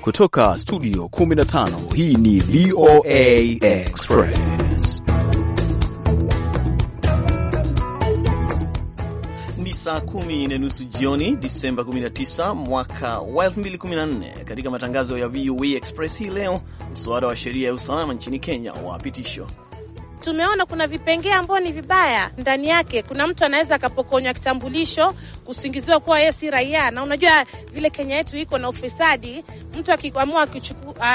Kutoka studio 15 hii ni VOA Express. Ni saa kumi na nusu jioni, Disemba 19 mwaka wa 2014. Katika matangazo ya VOA Express hii leo, mswada wa sheria ya usalama nchini Kenya wapitishwa tumeona kuna vipengee ambao ni vibaya ndani yake. Kuna mtu anaweza akapokonywa kitambulisho, kusingiziwa kuwa yeye si raia, na unajua vile Kenya yetu iko na ufisadi. Mtu akiamua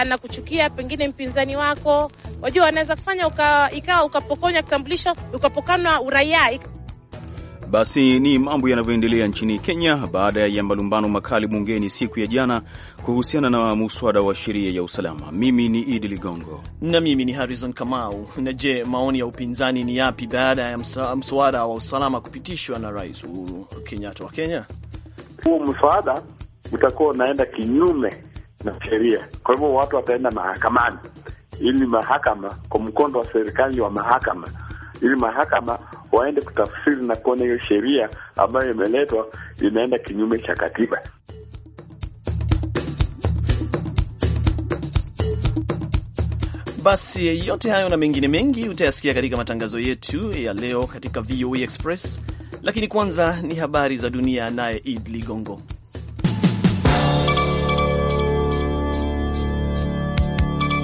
na kuchukia pengine mpinzani wako, wajua wanaweza kufanya uka, ikawa ukapokonywa kitambulisho, ukapokana uraia. Basi ni mambo yanavyoendelea nchini Kenya baada ya malumbano makali bungeni siku ya jana kuhusiana na muswada wa sheria ya usalama. Mimi ni Idi Ligongo na mimi ni Harrison Kamau. Na je, maoni ya upinzani ni yapi baada ya mswada wa usalama kupitishwa na Rais Uhuru Kenyatta wa Kenya? Huu mswada utakuwa unaenda kinyume na sheria, kwa hivyo watu wataenda mahakamani ili mahakama kwa mkondo wa serikali wa mahakama ili mahakama waende kutafsiri na kuona hiyo sheria ambayo imeletwa inaenda kinyume cha katiba. Basi yote hayo na mengine mengi utayasikia katika matangazo yetu ya leo katika VOA e Express, lakini kwanza ni habari za dunia, naye Id Ligongo.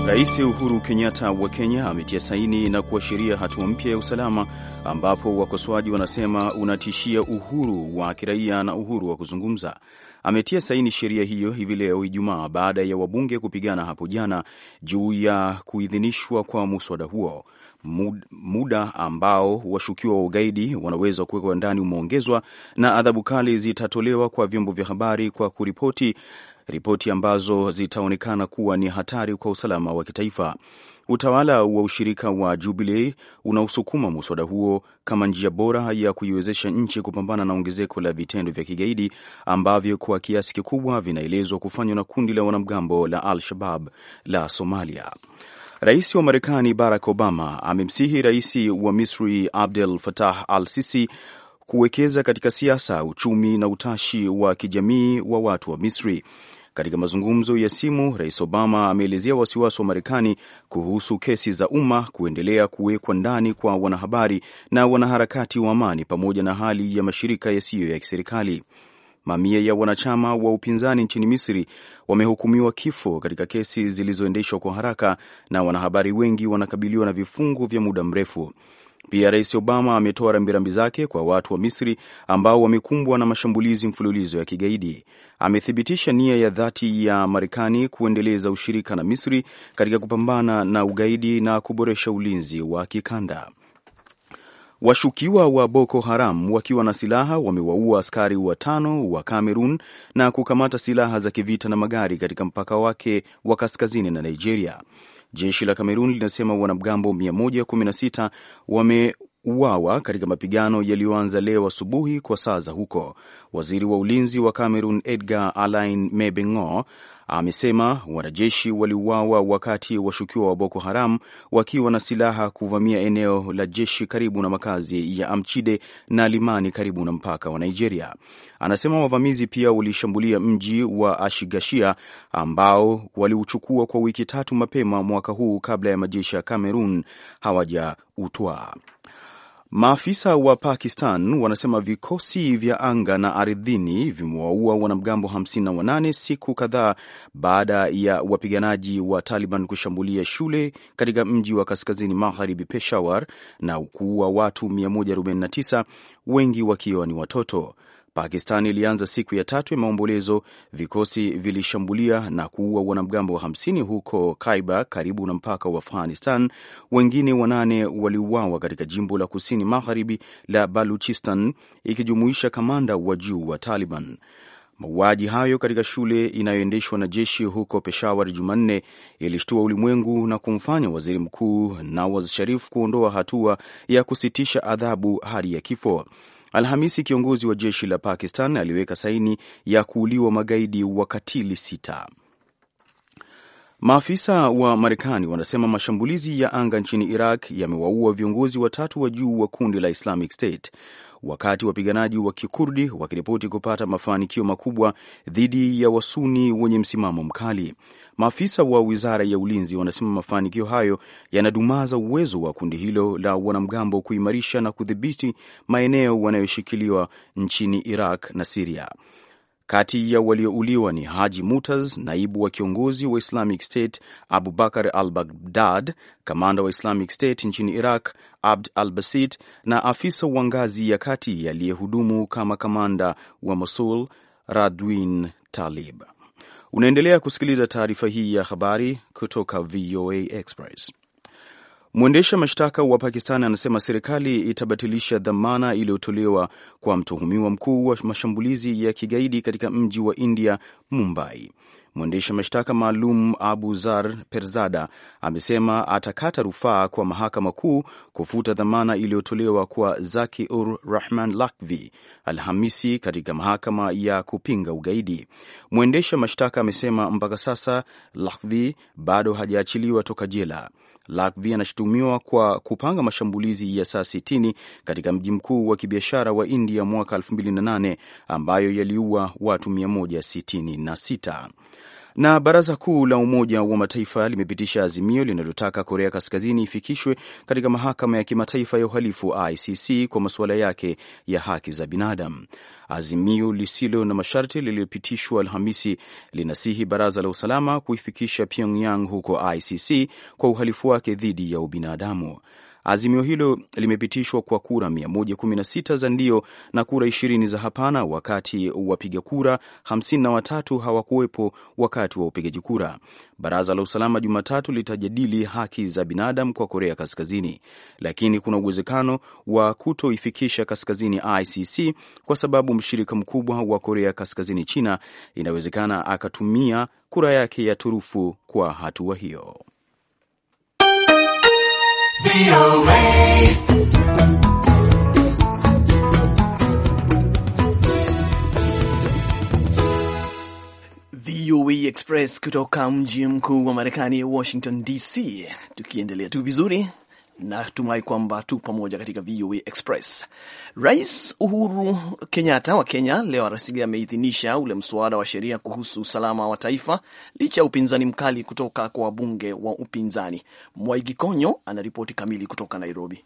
Rais Uhuru Kenyatta wa Kenya ametia saini na kuashiria hatua mpya ya usalama, ambapo wakosoaji wanasema unatishia uhuru wa kiraia na uhuru wa kuzungumza. Ametia saini sheria hiyo hivi leo Ijumaa, baada ya wabunge kupigana hapo jana juu ya kuidhinishwa kwa muswada huo. Muda ambao washukiwa wa ugaidi wanaweza kuwekwa ndani umeongezwa na adhabu kali zitatolewa kwa vyombo vya habari kwa kuripoti ripoti ambazo zitaonekana kuwa ni hatari kwa usalama wa kitaifa. Utawala wa ushirika wa Jubilee unaosukuma muswada huo kama njia bora ya kuiwezesha nchi kupambana na ongezeko la vitendo vya kigaidi ambavyo kwa kiasi kikubwa vinaelezwa kufanywa na kundi la wanamgambo la Al-Shabab la Somalia. Rais wa Marekani Barack Obama amemsihi rais wa Misri Abdel Fattah al-Sisi kuwekeza katika siasa, uchumi na utashi wa kijamii wa watu wa Misri. Katika mazungumzo ya simu, Rais Obama ameelezea wasiwasi wa Marekani kuhusu kesi za umma kuendelea kuwekwa ndani kwa wanahabari na wanaharakati wa amani pamoja na hali ya mashirika yasiyo ya kiserikali. Mamia ya wanachama wa upinzani nchini Misri wamehukumiwa kifo katika kesi zilizoendeshwa kwa haraka na wanahabari wengi wanakabiliwa na vifungo vya muda mrefu. Pia Rais Obama ametoa rambirambi zake kwa watu wa Misri ambao wamekumbwa na mashambulizi mfululizo ya kigaidi. Amethibitisha nia ya dhati ya Marekani kuendeleza ushirika na Misri katika kupambana na ugaidi na kuboresha ulinzi wa kikanda. Washukiwa wa Boko Haram wakiwa na silaha wamewaua askari watano wa cameron na kukamata silaha za kivita na magari katika mpaka wake wa kaskazini na Nigeria. Jeshi la Kamerun linasema wanamgambo 116 wameuawa katika mapigano yaliyoanza leo asubuhi kwa saa za huko. Waziri wa ulinzi wa cameroon Edgar Alain Mebengo amesema wanajeshi waliuawa wakati washukiwa wa Boko Haram wakiwa na silaha kuvamia eneo la jeshi karibu na makazi ya Amchide na Limani karibu na mpaka wa Nigeria. Anasema wavamizi pia walishambulia mji wa Ashigashia ambao waliuchukua kwa wiki tatu mapema mwaka huu kabla ya majeshi ya cameron hawajautwaa. Maafisa wa Pakistan wanasema vikosi vya anga na ardhini vimewaua wanamgambo 58 siku kadhaa baada ya wapiganaji wa Taliban kushambulia shule katika mji wa kaskazini magharibi Peshawar na kuua watu 149, wengi wakiwa ni watoto. Pakistan ilianza siku ya tatu ya maombolezo. Vikosi vilishambulia na kuua wanamgambo wa 50 huko Kaiba, karibu na mpaka wa Afghanistan. Wengine wanane waliuawa katika jimbo la kusini magharibi la Baluchistan, ikijumuisha kamanda wa juu wa Taliban. Mauaji hayo katika shule inayoendeshwa na jeshi huko Peshawar Jumanne ilishtua ulimwengu na kumfanya waziri mkuu Nawaz Sharif kuondoa hatua ya kusitisha adhabu hadi ya kifo. Alhamisi kiongozi wa jeshi la Pakistan aliweka saini ya kuuliwa magaidi wakatili sita. Maafisa wa Marekani wanasema mashambulizi ya anga nchini Iraq yamewaua viongozi watatu wa juu wa kundi la Islamic State wakati wapiganaji wa Kikurdi wakiripoti kupata mafanikio makubwa dhidi ya Wasuni wenye msimamo mkali. Maafisa wa wizara ya ulinzi wanasema mafanikio hayo yanadumaza uwezo wa kundi hilo la wanamgambo kuimarisha na kudhibiti maeneo wanayoshikiliwa nchini Iraq na Siria. Kati ya waliouliwa ni Haji Mutaz, naibu wa kiongozi wa Islamic State, Abubakar al Baghdad, kamanda wa Islamic State nchini Iraq, Abd al Basit, na afisa wa ngazi ya kati aliyehudumu kama kamanda wa Mosul, Radwin Talib. Unaendelea kusikiliza taarifa hii ya habari kutoka VOA Express. Mwendesha mashtaka wa Pakistan anasema serikali itabatilisha dhamana iliyotolewa kwa mtuhumiwa mkuu wa mashambulizi ya kigaidi katika mji wa India, Mumbai. Mwendesha mashtaka maalum Abu Zar Perzada amesema atakata rufaa kwa mahakama kuu kufuta dhamana iliyotolewa kwa Zaki ur Rahman Lakvi Alhamisi katika mahakama ya kupinga ugaidi. Mwendesha mashtaka amesema mpaka sasa Lakvi bado hajaachiliwa toka jela. Latvia anashutumiwa kwa kupanga mashambulizi ya saa 60 katika mji mkuu wa kibiashara wa India mwaka 2008 ambayo yaliua watu 166. Na Baraza Kuu la Umoja wa Mataifa limepitisha azimio linalotaka Korea Kaskazini ifikishwe katika Mahakama ya Kimataifa ya Uhalifu ICC kwa masuala yake ya haki za binadamu. Azimio lisilo na masharti lililopitishwa Alhamisi linasihi Baraza la Usalama kuifikisha Pyongyang huko ICC kwa uhalifu wake dhidi ya ubinadamu. Azimio hilo limepitishwa kwa kura 116 za ndio na kura 20 za hapana, wakati wapiga kura 53 hawakuwepo wakati wa upigaji kura. Baraza la usalama Jumatatu litajadili haki za binadamu kwa Korea Kaskazini, lakini kuna uwezekano wa kutoifikisha kaskazini ICC kwa sababu mshirika mkubwa wa Korea Kaskazini, China, inawezekana akatumia kura yake ya turufu kwa hatua hiyo. VOA Express kutoka mji mkuu wa Marekani, Washington DC. Tukiendelea tu vizuri Natumai kwamba tu pamoja katika VOA Express. Rais Uhuru Kenyatta wa Kenya leo arasili ameidhinisha ule mswada wa sheria kuhusu usalama wa taifa licha ya upinzani mkali kutoka kwa wabunge wa upinzani. Mwaigi Konyo anaripoti kamili kutoka Nairobi.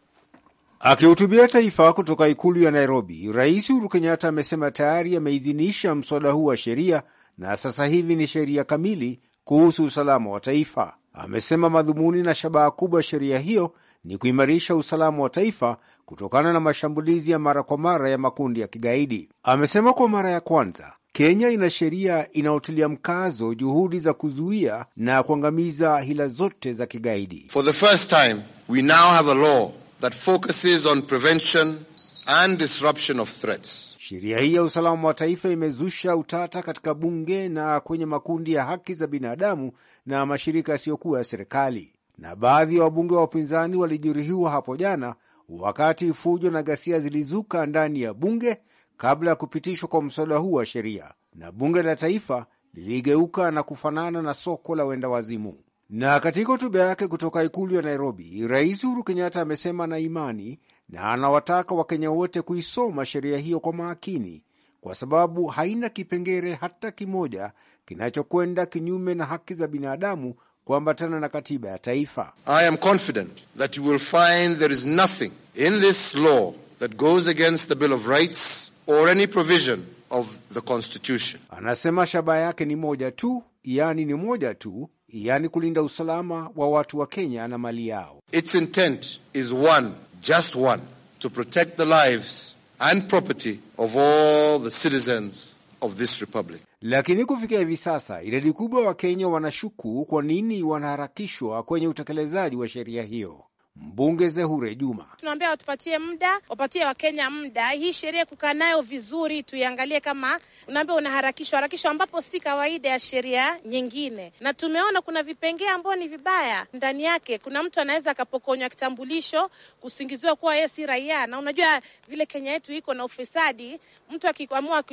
Akihutubia taifa kutoka ikulu ya Nairobi, Rais Uhuru Kenyatta amesema tayari ameidhinisha mswada huu wa sheria na sasa hivi ni sheria kamili kuhusu usalama wa taifa. Amesema madhumuni na shabaha kubwa ya sheria hiyo ni kuimarisha usalama wa taifa kutokana na mashambulizi ya mara kwa mara ya makundi ya kigaidi. Amesema kwa mara ya kwanza Kenya ina sheria inayotilia mkazo juhudi za kuzuia na kuangamiza hila zote za kigaidi. For the first time we now have a law that focuses on prevention and disruption of threats. Sheria hii ya usalama wa taifa imezusha utata katika bunge na kwenye makundi ya haki za binadamu na mashirika yasiyokuwa ya serikali na baadhi ya wabunge wa upinzani walijeruhiwa hapo jana wakati fujo na ghasia zilizuka ndani ya bunge kabla ya kupitishwa kwa mswada huu wa sheria, na bunge la taifa liligeuka na kufanana na soko la wendawazimu. Na katika hotuba yake kutoka ikulu ya Nairobi, Rais Uhuru Kenyatta amesema na imani na anawataka Wakenya wote kuisoma sheria hiyo kwa makini, kwa sababu haina kipengele hata kimoja kinachokwenda kinyume na haki za binadamu kuambatana na katiba ya taifa. I am confident that you will find there is nothing in this law that goes against the Bill of Rights or any provision of the Constitution. Anasema shabaha yake ni moja tu, yani ni moja tu, yani kulinda usalama wa watu wa Kenya na mali yao. Its intent is one, just one, to protect the lives and property of all the citizens of this republic. Lakini kufikia hivi sasa idadi kubwa Wakenya wanashuku kwa nini wanaharakishwa kwenye utekelezaji wa sheria hiyo. Mbunge Zehure Juma, tunaambia watupatie muda, wapatie Wakenya muda, hii sheria kukaa nayo vizuri, tuiangalie kama unaambia unaharakishwa harakishwa, ambapo si kawaida ya sheria nyingine. Na tumeona kuna vipengee ambao ni vibaya ndani yake. Kuna mtu anaweza akapokonywa kitambulisho, kusingiziwa kuwa yeye si raia, na unajua vile Kenya yetu iko na ufisadi. Mtu akiamua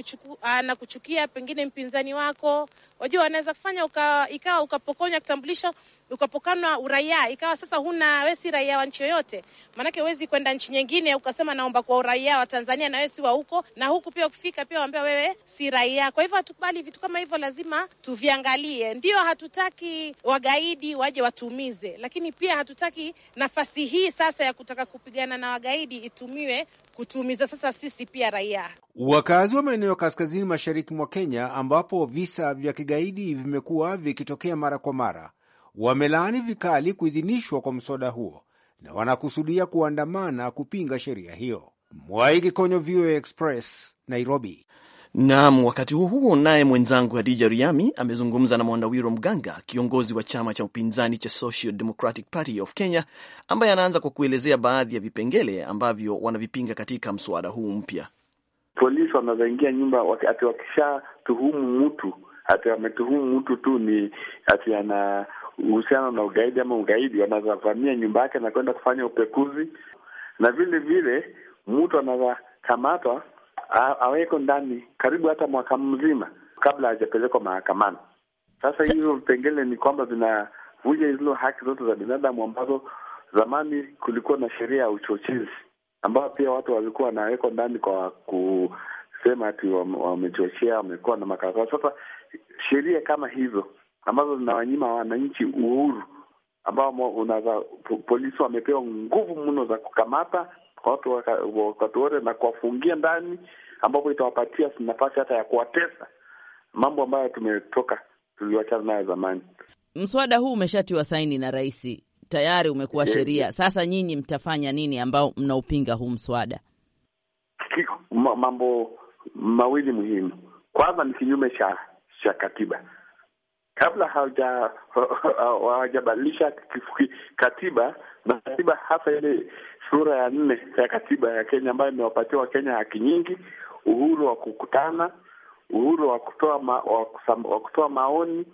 na kuchukia pengine mpinzani wako, wajua wanaweza kufanya uka, ikawa ukapokonywa kitambulisho ukapokana uraia, ikawa sasa huna wewe, si raia wa nchi yoyote, maanake huwezi kwenda nchi nyingine ukasema naomba kwa uraia wa Tanzania na wewe si wa huko, na huku pia ukifika pia waambia wewe si raia. Kwa hivyo hatukubali vitu kama hivyo, lazima tuviangalie. Ndio hatutaki wagaidi waje watumize lakini pia hatutaki nafasi hii sasa ya kutaka kupigana na wagaidi itumiwe kutumiza sasa sisi pia raia. Wakazi wa maeneo kaskazini mashariki mwa Kenya ambapo visa vya kigaidi vimekuwa vikitokea mara kwa mara wamelaani vikali kuidhinishwa kwa mswada huo na wanakusudia kuandamana kupinga sheria hiyo. Mwaiki Konyo, VOA Express, Nairobi. Naam, wakati huo huo, naye mwenzangu Hadija Riami amezungumza na Mwandawiro Mganga, kiongozi wa chama cha upinzani cha Social Democratic Party of Kenya, ambaye anaanza kwa kuelezea baadhi ya vipengele ambavyo wanavipinga katika mswada huu mpya. Polisi wanaweza ingia nyumba ati wakishatuhumu mtu ati wametuhumu mtu tu ni ati ana uhusiano na ugaidi ama ugaidi, wanazavamia nyumba yake na kwenda kufanya upekuzi, na vile vile mtu anazakamatwa aweko ndani karibu hata mwaka mzima kabla hajapelekwa mahakamani. Sasa hivyo vipengele ni kwamba vinavuja hizo haki zote za binadamu ambazo zamani kulikuwa na sheria ya uchochezi ambao pia watu walikuwa wanawekwa ndani kwa kusema ati wamechochea, wamekuwa na makaa. Sasa sheria kama hizo ambazo zinawanyima wananchi uhuru ambao unaza, polisi wamepewa nguvu mno za kukamata watu wakati wote na kuwafungia ndani, ambapo itawapatia nafasi hata ya kuwatesa, mambo ambayo tumetoka tuliwachana nayo zamani. Mswada huu umeshatiwa saini na rais tayari, umekuwa yes, sheria. Sasa nyinyi mtafanya nini ambao mnaupinga huu mswada? Mambo mawili muhimu. Kwanza ni kinyume cha cha katiba kabla hawajabadilisha katiba na katiba hasa ile sura ya nne ya katiba ya Kenya ambayo imewapatia Wakenya haki nyingi, uhuru wa kukutana, uhuru wa kutoa ma, wa kutoa maoni,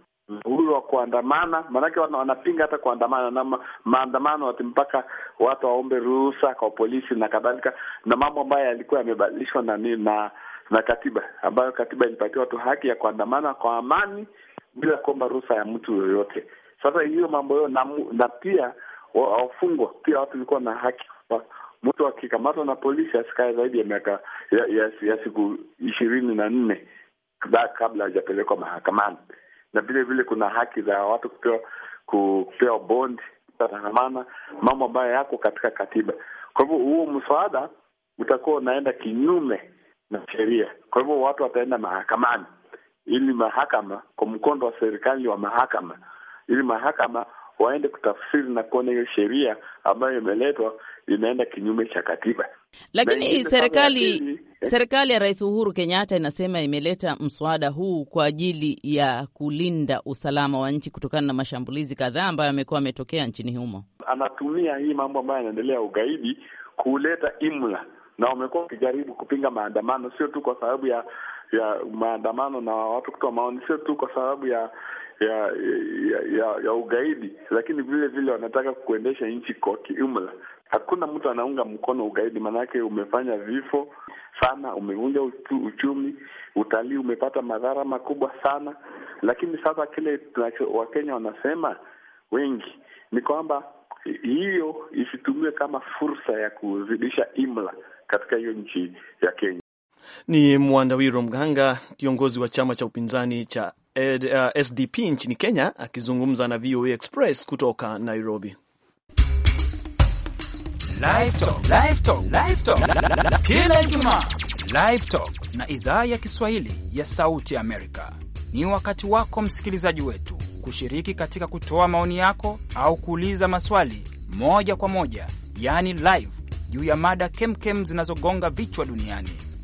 uhuru wa kuandamana. Maanake wanapinga hata kuandamana na maandamano wati mpaka watu waombe ruhusa kwa polisi na kadhalika, na mambo ambayo yalikuwa yamebadilishwa na na na katiba ambayo katiba ilipatia watu haki ya kuandamana kwa amani bila kuomba ruhusa ya mtu yoyote. Sasa hiyo mambo hiyo na, na pia wafungwa pia watu walikuwa na haki kwamba mtu akikamatwa na polisi asikae zaidi ya miaka ya, ya, ya siku ishirini na nne kabla hajapelekwa mahakamani, na vile vile kuna haki za watu kupewa kupewa bondi tangamana, mambo ambayo yako katika katiba. Kwa hivyo huo mswada utakuwa unaenda kinyume na sheria, kwa hivyo watu wataenda mahakamani ili mahakama kwa mkondo wa serikali wa mahakama, ili mahakama waende kutafsiri na kuona hiyo sheria ambayo imeletwa inaenda kinyume cha katiba. Lakini serikali eh? serikali ya Rais Uhuru Kenyatta inasema imeleta mswada huu kwa ajili ya kulinda usalama wa nchi kutokana na mashambulizi kadhaa ambayo amekuwa ametokea nchini humo. Anatumia hii mambo ambayo yanaendelea ugaidi kuleta imla, na wamekuwa wakijaribu kupinga maandamano, sio tu kwa sababu ya ya maandamano na watu kutoa maoni, sio tu kwa sababu ya ya ya, ya, ya ugaidi, lakini vile vile wanataka kuendesha nchi kwa kiumla. Hakuna mtu anaunga mkono ugaidi, maanake umefanya vifo sana, umevunja uchumi, utalii umepata madhara makubwa sana. Lakini sasa kile Wakenya wanasema wengi ni kwamba hiyo isitumiwe kama fursa ya kuzidisha imla katika hiyo nchi ya Kenya. Ni Mwandawiro Mganga, kiongozi wa chama cha upinzani cha ed, uh, SDP nchini Kenya, akizungumza na VOA Express kutoka Nairobi. Kila Ijumaa Live Talk na idhaa ya Kiswahili ya Sauti Amerika ni wakati wako msikilizaji wetu kushiriki katika kutoa maoni yako au kuuliza maswali moja kwa moja, yaani live, juu ya mada kemkem zinazogonga vichwa duniani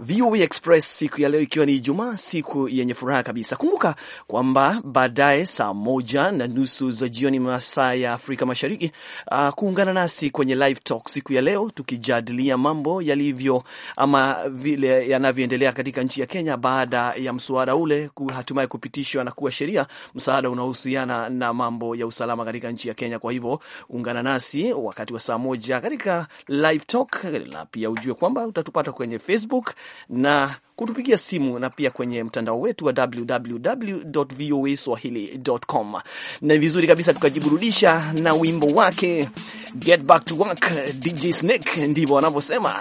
VOA Express siku ya leo ikiwa ni Ijumaa, siku yenye furaha kabisa. Kumbuka kwamba baadaye saa moja na nusu za jioni masaa ya Afrika Mashariki, uh, kuungana nasi kwenye live talk siku ya leo tukijadilia mambo yalivyo ama vile yanavyoendelea katika nchi ya Kenya baada ya mswada ule hatimaye kupitishwa na kuwa sheria, msaada unaohusiana na mambo ya usalama katika nchi ya Kenya. Kwa hivyo ungana nasi wakati wa saa moja katika live talk, na pia ujue kwamba utatupata kwenye Facebook na kutupigia simu na pia kwenye mtandao wetu wa www.voaswahili.com. Na vizuri kabisa tukajiburudisha na wimbo wake Get Back to Work, DJ Snake ndivyo wanavyosema.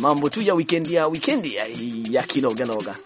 Mambo tu ya wikendi ya wikendi ya kinoganoga.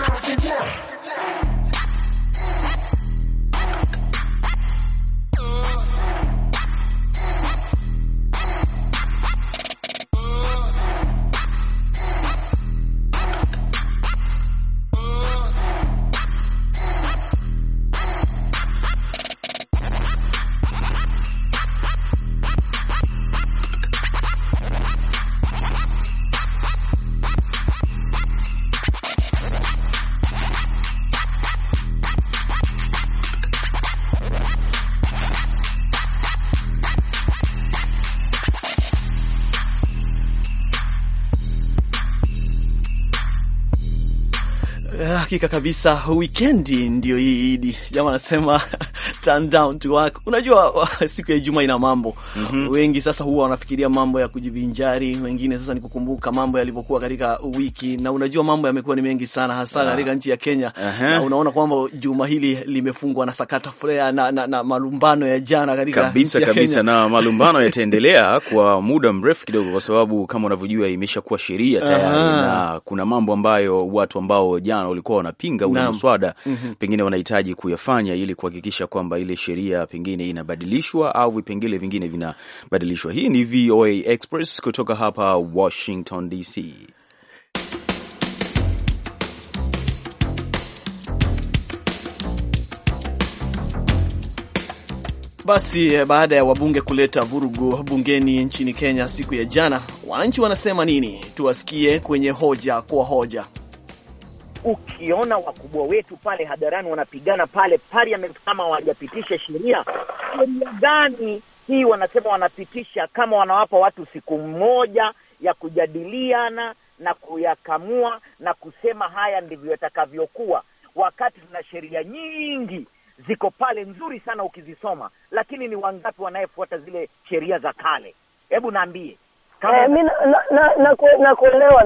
down for what? Hakika kabisa, wikendi ndio hii Idi, jamaa anasema Sundown to work. Unajua siku ya Ijumaa ina mambo. Mm -hmm. Wengi sasa huwa wanafikiria mambo ya kujivinjari, wengine sasa ni kukumbuka mambo yalivyokuwa katika wiki na unajua mambo yamekuwa ni mengi sana hasa katika nchi ya Kenya. Uh -huh. Na unaona kwamba juma hili limefungwa na sakata flea na, na, na malumbano ya jana katika kabisa kabisa na malumbano yataendelea kwa muda mrefu kidogo kwa sababu kama unavyojua imeshakuwa sheria tayari. Uh -huh. Na kuna mambo ambayo watu ambao jana walikuwa wanapinga ule mswada mm -hmm. Pengine wanahitaji kuyafanya ili kuhakikisha kwamba kwamba ile sheria pengine inabadilishwa au vipengele vingine vinabadilishwa. Hii ni VOA Express kutoka hapa Washington DC. Basi eh, baada ya wabunge kuleta vurugu bungeni nchini Kenya siku ya jana, wananchi wanasema nini? Tuwasikie kwenye hoja kwa hoja ukiona wakubwa wetu pale hadharani wanapigana pale parliament, kama hawajapitisha sheria, sheria gani hii wanasema wanapitisha, kama wanawapa watu siku moja ya kujadiliana na kuyakamua na kusema haya ndivyo yatakavyokuwa, wakati tuna sheria nyingi ziko pale nzuri sana ukizisoma, lakini ni wangapi wanayefuata zile sheria za kale? Hebu naambie. Eh, mi nakuelewa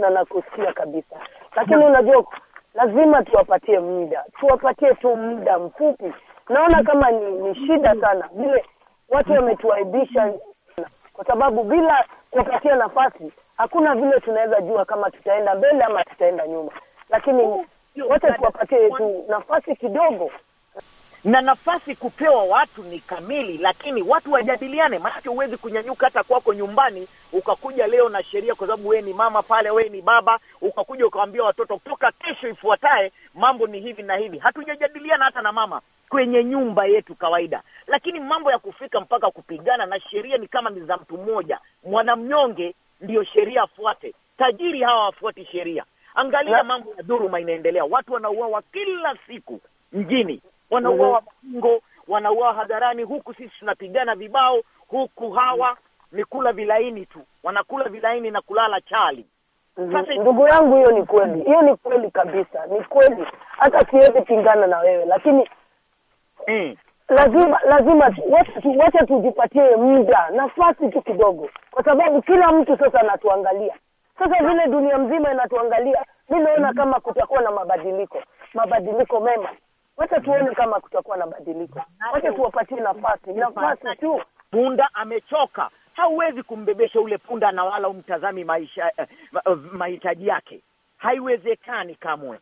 na nakusikia kabisa, lakini unajua lazima tuwapatie muda, tuwapatie tu muda mfupi. Naona kama ni, ni shida sana vile watu wametuaibisha, kwa sababu bila kuwapatia nafasi hakuna vile tunaweza jua kama tutaenda mbele ama tutaenda nyuma, lakini wote tuwapatie tu nafasi kidogo na nafasi kupewa watu ni kamili, lakini watu wajadiliane, maanake huwezi kunyanyuka hata kwako nyumbani ukakuja leo na sheria, kwa sababu wewe ni mama pale, wewe ni baba, ukakuja ukawambia watoto kutoka kesho ifuataye mambo ni hivi na hivi. Hatujajadiliana hata na mama kwenye nyumba yetu kawaida, lakini mambo ya kufika mpaka kupigana na sheria ni kama ni za mtu mmoja. Mwanamnyonge ndiyo sheria afuate, tajiri hawa wafuati sheria. Angalia mambo ya dhuruma inaendelea, watu wanauawa kila siku mjini wanaua wabingo mhm. wanauawa hadharani, huku sisi tunapigana vibao, huku hawa ni kula vilaini tu, wanakula vilaini na kulala chali. Mhm. Sasa ndugu yangu, hiyo ni kweli, hiyo ni kweli kabisa, ni kweli. Hata siwezi pingana na wewe, lakini mm. lazima lazima wacha tujipatie muda, nafasi tu kidogo, kwa sababu kila mtu sasa anatuangalia sasa vile dunia mzima inatuangalia, mi naona kama kutakuwa na mabadiliko, mabadiliko mema. Wacha tuone kama kutakuwa na badiliko, wacha tuwapatie nafasi, nafasi tu. Punda amechoka, hauwezi kumbebesha ule punda na wala umtazami maisha uh, mahitaji yake, haiwezekani kamwe.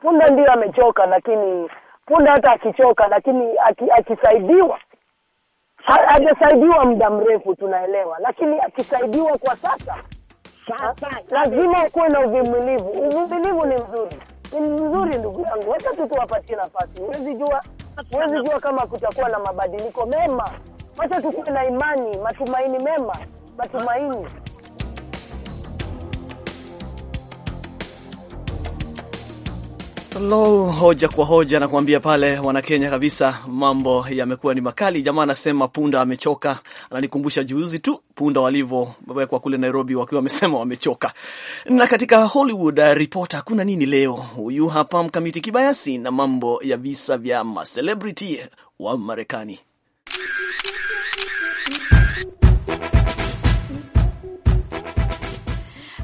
Punda ndiyo amechoka, lakini punda hata akichoka, lakini aki, akisaidiwa hajasaidiwa muda mrefu, tunaelewa, lakini akisaidiwa kwa sasa, sasa lazima ukuwe na uvumilivu. Uvumilivu ni mzuri ni mzuri, ndugu yangu, wacha tu tuwapatie nafasi. Huwezi jua, huwezi jua kama kutakuwa na mabadiliko mema. Wacha tukuwe na imani, matumaini mema, matumaini Lo, hoja kwa hoja nakuambia pale Wanakenya kabisa, mambo yamekuwa ni makali. Jamaa anasema punda amechoka, ananikumbusha juzi tu punda walivyowekwa kule Nairobi wakiwa wamesema wamechoka. Na katika Hollywood uh, Reporter kuna nini leo, huyu hapa Mkamiti Kibayasi na mambo ya visa vya macelebrity wa Marekani.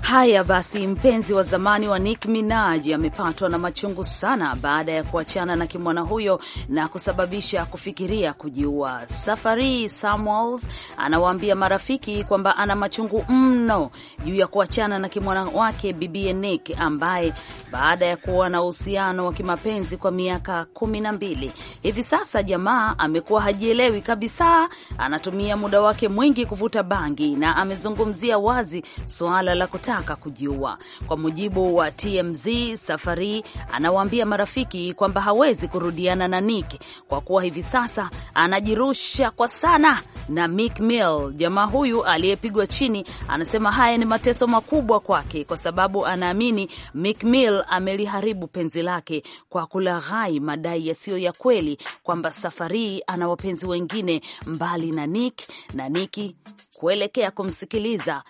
Haya basi, mpenzi wa zamani wa Nick Minaj amepatwa na machungu sana baada ya kuachana na kimwana huyo na kusababisha kufikiria kujiua. Safari Samuels anawaambia marafiki kwamba ana machungu mno juu ya kuachana na kimwana wake bibie Nick, ambaye baada ya kuwa na uhusiano wa kimapenzi kwa miaka kumi na mbili, hivi sasa jamaa amekuwa hajielewi kabisa, anatumia muda wake mwingi kuvuta bangi na amezungumzia wazi suala la kuta kutaka kujiua. Kwa mujibu wa TMZ, Safari anawaambia marafiki kwamba hawezi kurudiana na Nick kwa kuwa hivi sasa anajirusha kwa sana na Meek Mill. Jamaa huyu aliyepigwa chini anasema haya ni mateso makubwa kwake, kwa sababu anaamini Meek Mill ameliharibu penzi lake kwa kulaghai madai yasiyo ya kweli kwamba Safari ana wapenzi wengine mbali na Nick na Niki kuelekea kumsikiliza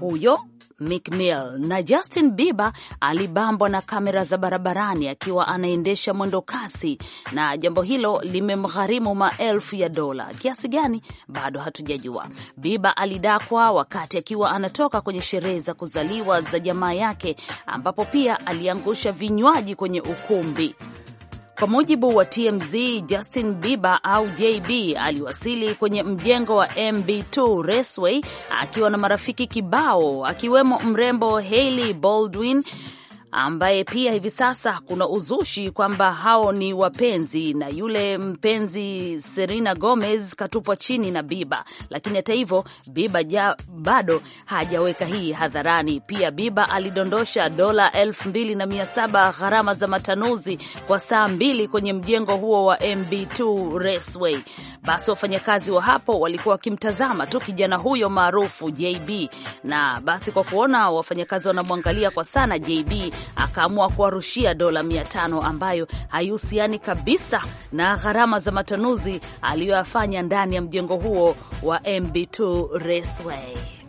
huyo Mick Mill na Justin Bieber alibambwa na kamera za barabarani akiwa anaendesha mwendo kasi, na jambo hilo limemgharimu maelfu ya dola. Kiasi gani bado hatujajua. Bieber alidakwa wakati akiwa anatoka kwenye sherehe za kuzaliwa za jamaa yake, ambapo pia aliangusha vinywaji kwenye ukumbi. Kwa mujibu wa TMZ, Justin Bieber au JB aliwasili kwenye mjengo wa MB2 Raceway akiwa na marafiki kibao akiwemo mrembo Hailey Baldwin ambaye pia hivi sasa kuna uzushi kwamba hao ni wapenzi, na yule mpenzi Serena Gomez katupwa chini na Biba, lakini hata hivyo Biba ja, bado hajaweka hii hadharani. Pia Biba alidondosha dola elfu mbili na mia saba gharama za matanuzi kwa saa mbili kwenye mjengo huo wa MB2 Raceway. Basi wafanyakazi wa hapo walikuwa wakimtazama tu kijana huyo maarufu JB, na basi kwa kuona wafanyakazi wanamwangalia kwa sana JB akaamua kuwarushia dola mia tano ambayo haihusiani kabisa na gharama za matanuzi aliyoyafanya ndani ya mjengo huo wa MB2 Raceway.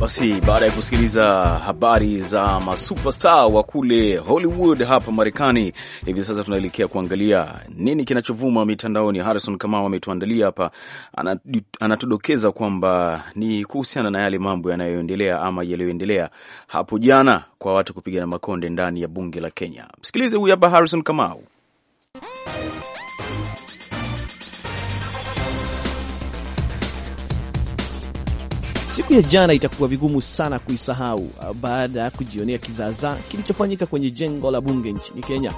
Basi baada ya kusikiliza habari za masuperstar wa kule Hollywood hapa Marekani, hivi sasa tunaelekea kuangalia nini kinachovuma mitandaoni. Harrison Kamau ametuandalia hapa, anatudokeza kwamba ni kuhusiana na yale mambo yanayoendelea ama yaliyoendelea hapo jana kwa watu kupigana makonde ndani ya bunge la Kenya. Msikilize huyu hapa Harrison Kamau. Siku ya jana itakuwa vigumu sana kuisahau uh, baada ya kujionea kizaazaa kilichofanyika kwenye jengo la bunge nchini Kenya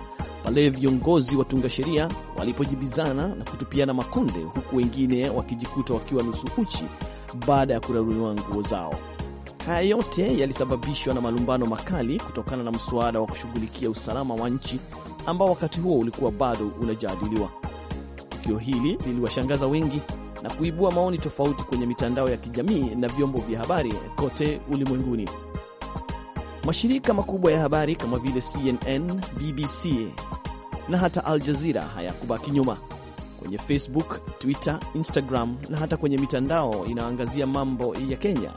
pale viongozi watunga sheria walipojibizana na kutupiana makonde, huku wengine wakijikuta wakiwa nusu uchi baada ya kuraruniwa nguo zao. Haya yote yalisababishwa na malumbano makali kutokana na mswada wa kushughulikia usalama wa nchi ambao wakati huo ulikuwa bado unajadiliwa. Tukio hili liliwashangaza wengi na kuibua maoni tofauti kwenye mitandao ya kijamii na vyombo vya habari kote ulimwenguni. Mashirika makubwa ya habari kama vile CNN, BBC na hata Al Jazeera hayakubaki nyuma. Kwenye Facebook, Twitter, Instagram na hata kwenye mitandao inaangazia mambo ya Kenya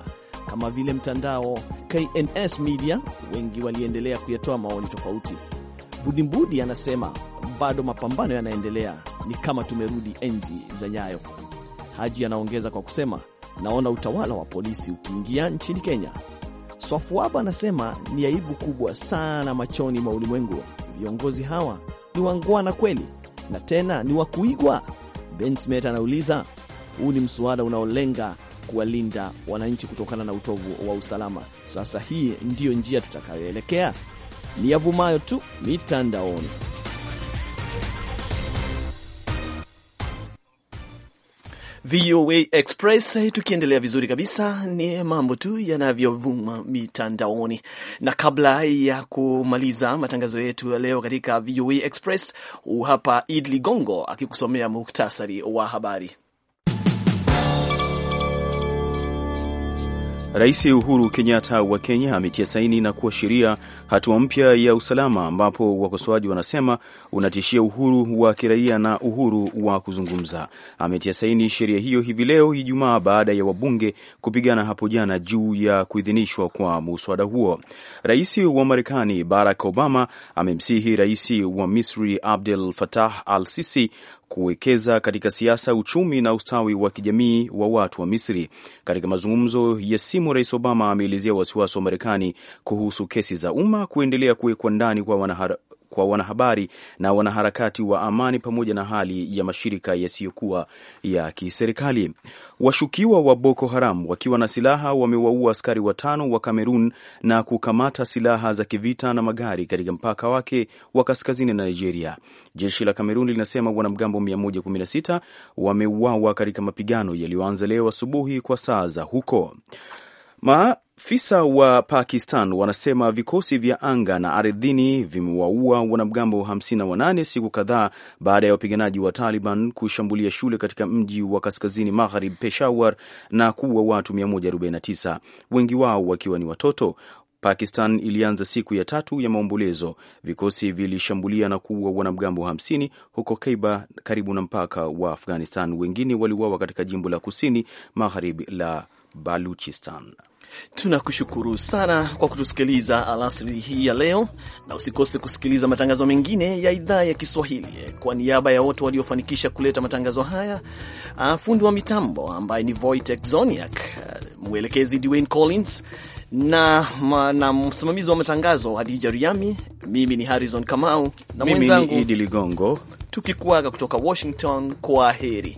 kama vile mtandao KNS Media, wengi waliendelea kuyatoa maoni tofauti. Budimbudi anasema bado mapambano yanaendelea, ni kama tumerudi enzi za Nyayo. Haji anaongeza kwa kusema, naona utawala wa polisi ukiingia nchini Kenya. Swafuaba anasema ni aibu kubwa sana machoni mwa ulimwengu. Viongozi hawa ni wangwana kweli, na tena ni wa kuigwa. Ben Smith anauliza, huu ni mswada unaolenga kuwalinda wananchi kutokana na utovu wa usalama. Sasa hii ndiyo njia tutakayoelekea. Ni yavumayo tu mitandaoni. VOA Express tukiendelea vizuri kabisa, ni mambo tu yanavyovuma mitandaoni. Na kabla ya kumaliza matangazo yetu ya leo katika VOA Express, hapa idli gongo akikusomea muhtasari wa habari. Rais Uhuru Kenyatta wa Kenya ametia saini na kuwa sheria, hatua mpya ya usalama, ambapo wakosoaji wanasema unatishia uhuru wa kiraia na uhuru wa kuzungumza. Ametia saini sheria hiyo hivi leo Ijumaa baada ya wabunge kupigana hapo jana juu ya kuidhinishwa kwa muswada huo. Rais wa Marekani Barack Obama amemsihi rais wa Misri Abdel Fattah al-Sisi kuwekeza katika siasa, uchumi na ustawi wa kijamii wa watu wa Misri. Katika mazungumzo ya simu, Rais Obama ameelezea wasiwasi wa Marekani kuhusu kesi za umma kuendelea kuwekwa ndani kwa kwa wanahabari na wanaharakati wa amani pamoja na hali ya mashirika yasiyokuwa ya kiserikali. Washukiwa wa Boko Haram wakiwa na silaha wamewaua askari watano wa Kamerun na kukamata silaha za kivita na magari katika mpaka wake wa kaskazini na Nigeria. Jeshi la Kamerun linasema wanamgambo 116 wameuawa katika mapigano yaliyoanza leo asubuhi kwa saa za huko Ma Maafisa wa Pakistan wanasema vikosi vya anga na ardhini vimewaua wanamgambo 58 siku kadhaa baada ya wapiganaji wa Taliban kushambulia shule katika mji wa kaskazini magharibi Peshawar na kuua watu 149, wengi wao wakiwa ni watoto. Pakistan ilianza siku ya tatu ya maombolezo. Vikosi vilishambulia na kuua wanamgambo 50 huko Keiba, karibu na mpaka wa Afghanistan. Wengine waliuawa katika jimbo la kusini magharibi la Baluchistan. Tunakushukuru sana kwa kutusikiliza alasiri hii ya leo, na usikose kusikiliza matangazo mengine ya idhaa ya Kiswahili. Kwa niaba ya wote waliofanikisha kuleta matangazo haya, ah, fundi wa mitambo ambaye ni Voitech Zoniak, ah, mwelekezi Dwayne Collins na, na msimamizi wa matangazo Hadija Riami, mimi ni Harrison Kamau na mwenzangu Idi Ligongo, tukikuaga kutoka Washington. Kwa heri.